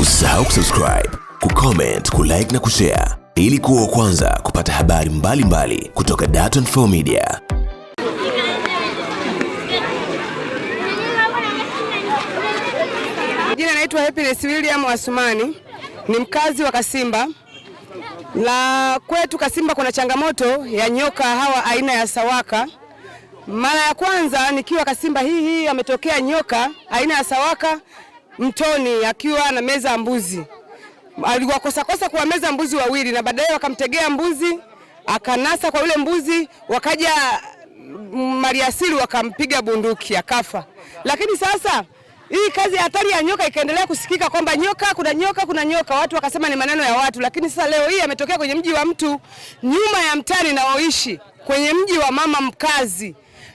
Usisahau kusubscribe, kucomment, kulike na kushare ili kuwa kwanza kupata habari mbalimbali mbali kutoka Dar24 Media. Jina naitwa Happiness William Asumani, ni mkazi wa Kasimba. La kwetu Kasimba kuna changamoto ya nyoka hawa aina ya sawaka. Mara ya kwanza nikiwa Kasimba hii hii ametokea nyoka aina ya sawaka mtoni akiwa na meza mbuzi, aliwakosakosa kosa meza mbuzi wawili, na baadaye wakamtegea mbuzi akanasa kwa yule mbuzi, wakaja maliasili wakampiga bunduki akafa. Lakini sasa hii kazi ya hatari ya nyoka ikaendelea kusikika kwamba nyoka, kuna nyoka, kuna nyoka, watu wakasema ni maneno ya watu. Lakini sasa leo hii ametokea kwenye mji wa mtu nyuma ya mtani naoishi kwenye mji wa mama mkazi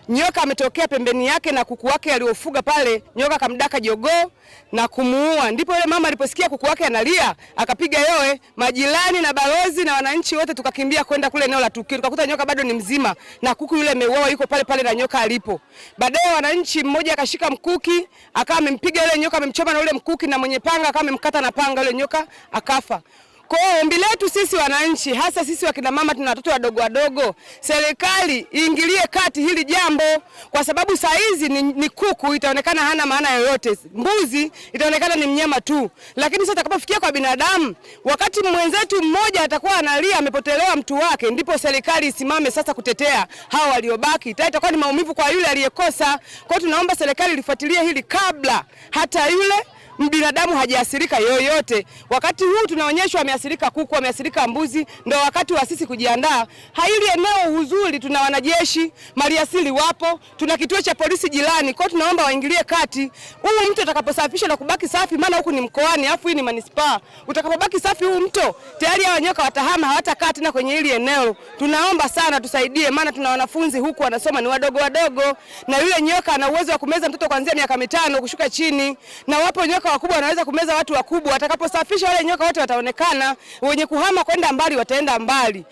nyoka ametokea pembeni yake na kuku wake aliofuga pale, nyoka kamdaka jogoo na kumuua. Ndipo yule mama aliposikia kuku wake analia akapiga yowe, majirani na balozi na wananchi wote tukakimbia kwenda kule eneo la tukio, tukakuta nyoka bado ni mzima na kuku yule ameuawa, yuko pale pale na nyoka alipo. Baadaye wananchi, mmoja akashika mkuki akawa amempiga yule nyoka, amemchoma na ule mkuki, na mwenye panga akawa amemkata na panga, yule nyoka akafa. Kwa hiyo ombi letu sisi wananchi, hasa sisi wakinamama, tuna watoto wadogo wadogo, serikali iingilie kati hili jambo, kwa sababu saa hizi ni, ni kuku itaonekana hana maana yoyote, mbuzi itaonekana ni mnyama tu, lakini sasa atakapofikia kwa binadamu, wakati mwenzetu mmoja atakuwa analia amepotelewa mtu wake, ndipo serikali isimame sasa kutetea hao waliobaki. Itakuwa ni maumivu kwa yule aliyekosa. Kwa hiyo tunaomba serikali lifuatilie hili kabla hata yule Mbinadamu hajaasirika yoyote. Wakati huu tunaonyeshwa wameathirika kuku, wameathirika mbuzi, ndio wakati wa sisi kujiandaa. Haili eneo uzuri, tuna wanajeshi maliasili wapo, tuna kituo cha polisi jirani, kwa tunaomba waingilie kati. Huu mto utakaposafishwa na kubaki safi, maana huku ni mkoani, afu hii ni manispaa, utakapobaki safi huu mto tayari hawa nyoka watahama, hawatakaa tena kwenye hili eneo. Tunaomba sana tusaidie, maana tuna wanafunzi huku wanasoma ni wadogo wadogo, na yule nyoka ana uwezo wa kumeza mtoto kuanzia miaka mitano kushuka chini, na wapo nyoka nyoka wakubwa wanaweza kumeza watu wakubwa. Watakaposafisha wale nyoka wote wataonekana, wenye kuhama kwenda mbali wataenda mbali.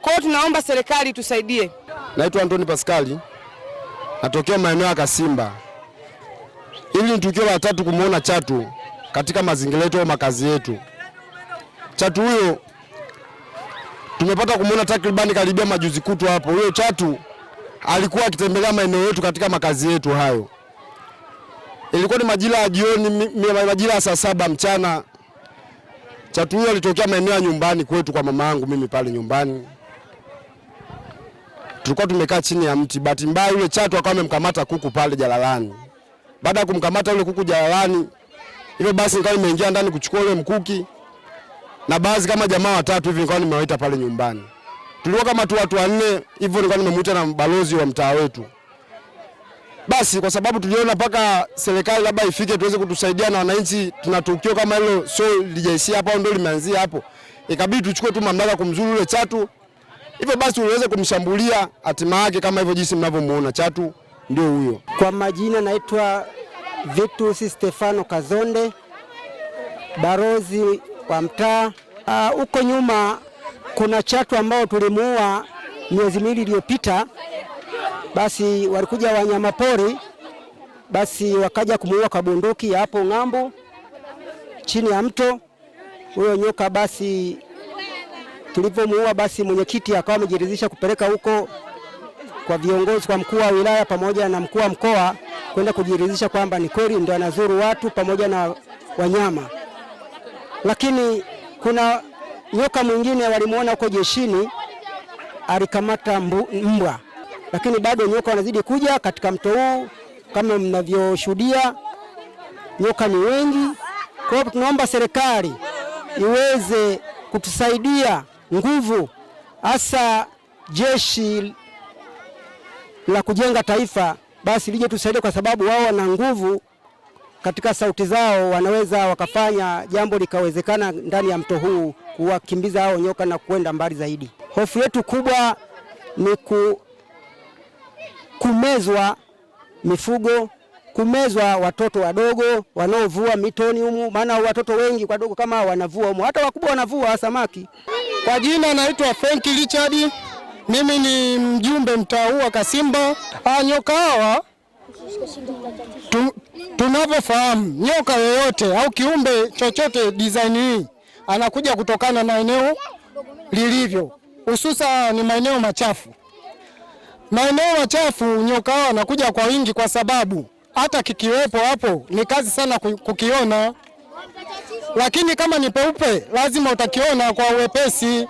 Kwa hiyo tunaomba serikali tusaidie. Naitwa Antoni Paskali, natokea maeneo ya Kasimba. Hili ni tukio la tatu kumwona chatu katika mazingira yetu au makazi yetu. Chatu huyo tumepata kumwona takribani karibia majuzi kutu hapo. Huyo chatu alikuwa akitembelea maeneo yetu katika makazi yetu hayo ilikuwa ni majira ya jioni, majira ya saa saba mchana. Chatu huyo alitokea maeneo ya nyumbani kwetu kwa mama yangu mimi pale nyumbani, tulikuwa tumekaa chini ya mti. Bahati mbaya yule chatu akawa amemkamata kuku pale jalalani. Baada ya kumkamata yule kuku jalalani, hivyo basi nikawa nimeingia ndani kuchukua yule mkuki na baadhi kama jamaa watatu hivi, nikawa nimewaita pale nyumbani. Tulikuwa kama tu watu wanne hivyo, nikawa nimemuita na balozi wa mtaa wetu basi kwa sababu tuliona mpaka serikali labda ifike tuweze kutusaidia na wananchi, tuna tukio kama hilo sio lijaishia hapo, ndio limeanzia hapo, ikabidi tuchukue tu mamlaka kumzuru yule chatu. Hivyo basi uweze kumshambulia, hatima yake kama hivyo jinsi mnavyomuona chatu ndio huyo. Kwa majina naitwa Vitus Stefano Kazonde, barozi wa mtaa ah, huko. Uh, nyuma kuna chatu ambao tulimuua miezi miwili iliyopita basi walikuja wanyamapori, basi wakaja kumuua kwa bunduki hapo ng'ambo chini ya mto huyo nyoka. Basi tulivyomuua, basi mwenyekiti akawa amejiridhisha kupeleka huko kwa viongozi, kwa mkuu wa wilaya pamoja na mkuu wa mkoa kwenda kujiridhisha kwamba ni kweli ndio anazuru watu pamoja na wanyama. Lakini kuna nyoka mwingine walimuona huko jeshini, alikamata mbwa lakini bado nyoka wanazidi kuja katika mto huu kama mnavyoshuhudia, nyoka ni wengi. Kwa hiyo tunaomba serikali iweze kutusaidia nguvu, hasa jeshi la kujenga taifa basi lije tusaidie, kwa sababu wao wana nguvu katika sauti zao, wanaweza wakafanya jambo likawezekana ndani ya mto huu kuwakimbiza hao nyoka na kuenda mbali zaidi. Hofu yetu kubwa ni ku kumezwa mifugo, kumezwa watoto wadogo wanaovua mitoni humu, maana watoto wengi wadogo kama wanavua humu, hata wakubwa wanavua samaki. Kwa jina naitwa Frank Richard, mimi ni mjumbe mtaa huu wa Kasimba. Ah, nyoka hawa tu, tunavyofahamu nyoka yoyote au kiumbe chochote design hii anakuja kutokana na eneo lilivyo, hususa ni maeneo machafu maeneo machafu nyoka hao wanakuja kwa wingi, kwa sababu hata kikiwepo hapo ni kazi sana kukiona, lakini kama ni peupe lazima utakiona kwa uwepesi.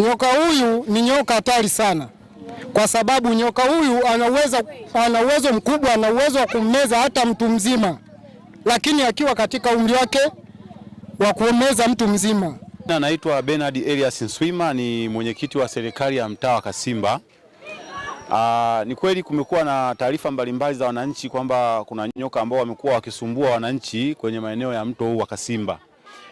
Nyoka huyu ni nyoka hatari sana, kwa sababu nyoka huyu ana uwezo mkubwa, ana uwezo wa kummeza hata mtu mzima, lakini akiwa katika umri wake wa kuomeza mtu mzima. Naitwa Bernard Elias Nswima, ni mwenyekiti wa serikali ya mtaa wa Kasimba. Aa, ah, ni kweli kumekuwa na taarifa mbalimbali za wananchi kwamba kuna nyoka ambao wamekuwa wakisumbua wananchi kwenye maeneo ya mto huu wa Kasimba,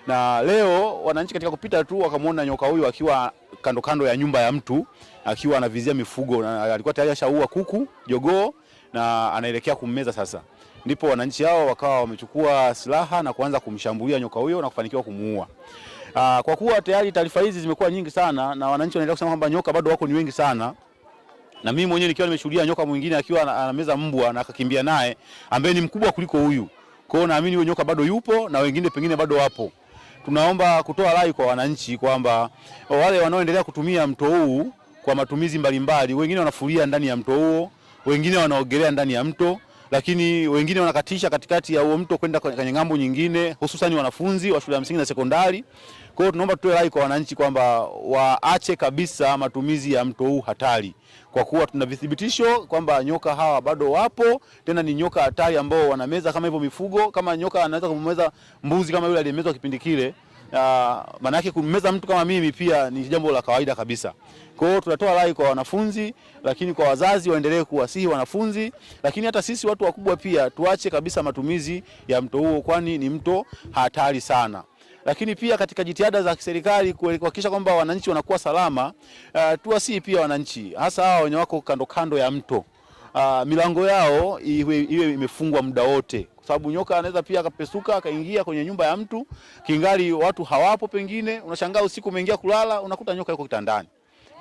na leo wananchi katika kupita tu wakamwona nyoka huyu akiwa kando kando ya nyumba ya mtu akiwa anavizia mifugo na alikuwa tayari ashaua kuku, jogoo na anaelekea kummeza sasa. Ndipo wananchi hao wakawa wamechukua silaha na kuanza kumshambulia nyoka huyo na kufanikiwa kumuua. Aa, ah, kwa kuwa tayari taarifa hizi zimekuwa nyingi sana na wananchi wanaendelea kusema kwamba nyoka bado wako ni wengi sana na mimi mwenyewe nikiwa nimeshuhudia nyoka mwingine akiwa anameza mbwa na akakimbia naye ambaye ni mkubwa kuliko huyu. Kwa hiyo naamini huyo nyoka bado yupo na wengine pengine bado wapo. Tunaomba kutoa rai kwa wananchi kwamba wale wanaoendelea kutumia mto huu kwa matumizi mbalimbali, wengine wanafulia ndani ya mto huo, wengine wanaogelea ndani ya mto, lakini wengine wanakatisha katikati ya huo mto kwenda kwenye ng'ambo nyingine, hususan wanafunzi wa shule ya msingi na sekondari. Kwa hiyo tunaomba tutoe rai kwa wananchi kwamba waache kabisa matumizi ya mto huu hatari, kwa kuwa tuna vithibitisho kwamba nyoka hawa bado wapo, tena ni nyoka hatari ambao wanameza kama hivyo mifugo, kama nyoka anaweza kumeza mbuzi kama yule aliyemezwa kipindi kile. Uh, maana yake kumeza mtu kama mimi pia ni jambo la kawaida kabisa. Kwa hiyo tunatoa rai kwa wanafunzi, lakini kwa wazazi waendelee kuwasihi wanafunzi, lakini hata sisi watu wakubwa pia tuache kabisa matumizi ya mto huo, kwani ni mto hatari sana lakini pia katika jitihada za serikali kuhakikisha kwamba wananchi wanakuwa salama, uh, eh, tuwasihi pia wananchi hasa hawa wenye wako kando kando ya mto uh, milango yao iwe, iwe imefungwa muda wote sababu nyoka anaweza pia akapesuka akaingia kwenye nyumba ya mtu kingali watu hawapo, pengine unashangaa usiku umeingia kulala unakuta nyoka yuko kitandani.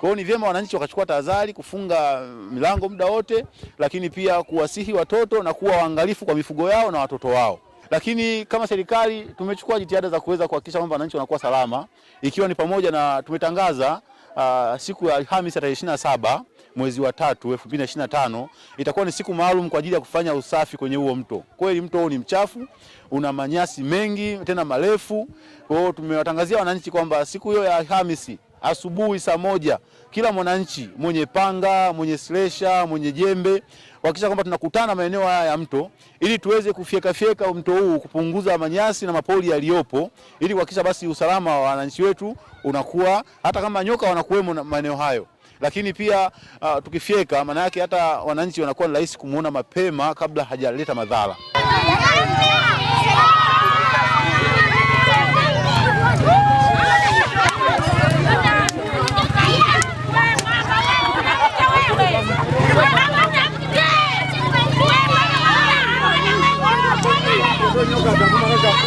Kwa hiyo ni vyema wananchi wakachukua tahadhari kufunga milango muda wote, lakini pia kuwasihi watoto na kuwa waangalifu kwa mifugo yao na watoto wao. Lakini kama serikali tumechukua jitihada za kuweza kuhakikisha kwamba wananchi wanakuwa salama, ikiwa ni pamoja na tumetangaza uh, siku ya Alhamisi tarehe 27 saba mwezi wa tatu 2025 na tano itakuwa ni siku maalum kwa ajili ya kufanya usafi kwenye huo mto. Kweli mto huu ni mchafu, una manyasi mengi tena marefu. Kwa hiyo tumewatangazia wananchi kwamba siku hiyo ya Alhamisi asubuhi saa moja, kila mwananchi mwenye panga, mwenye slesha, mwenye jembe wakisha kwamba tunakutana maeneo haya ya mto ili tuweze kufyekafyeka mto huu kupunguza manyasi na mapoli yaliyopo, ili kuhakikisha basi usalama wa wananchi wetu unakuwa, hata kama nyoka wanakuwemo maeneo hayo lakini pia uh, tukifyeka maana yake hata wananchi wanakuwa ni rahisi kumuona mapema kabla hajaleta madhara.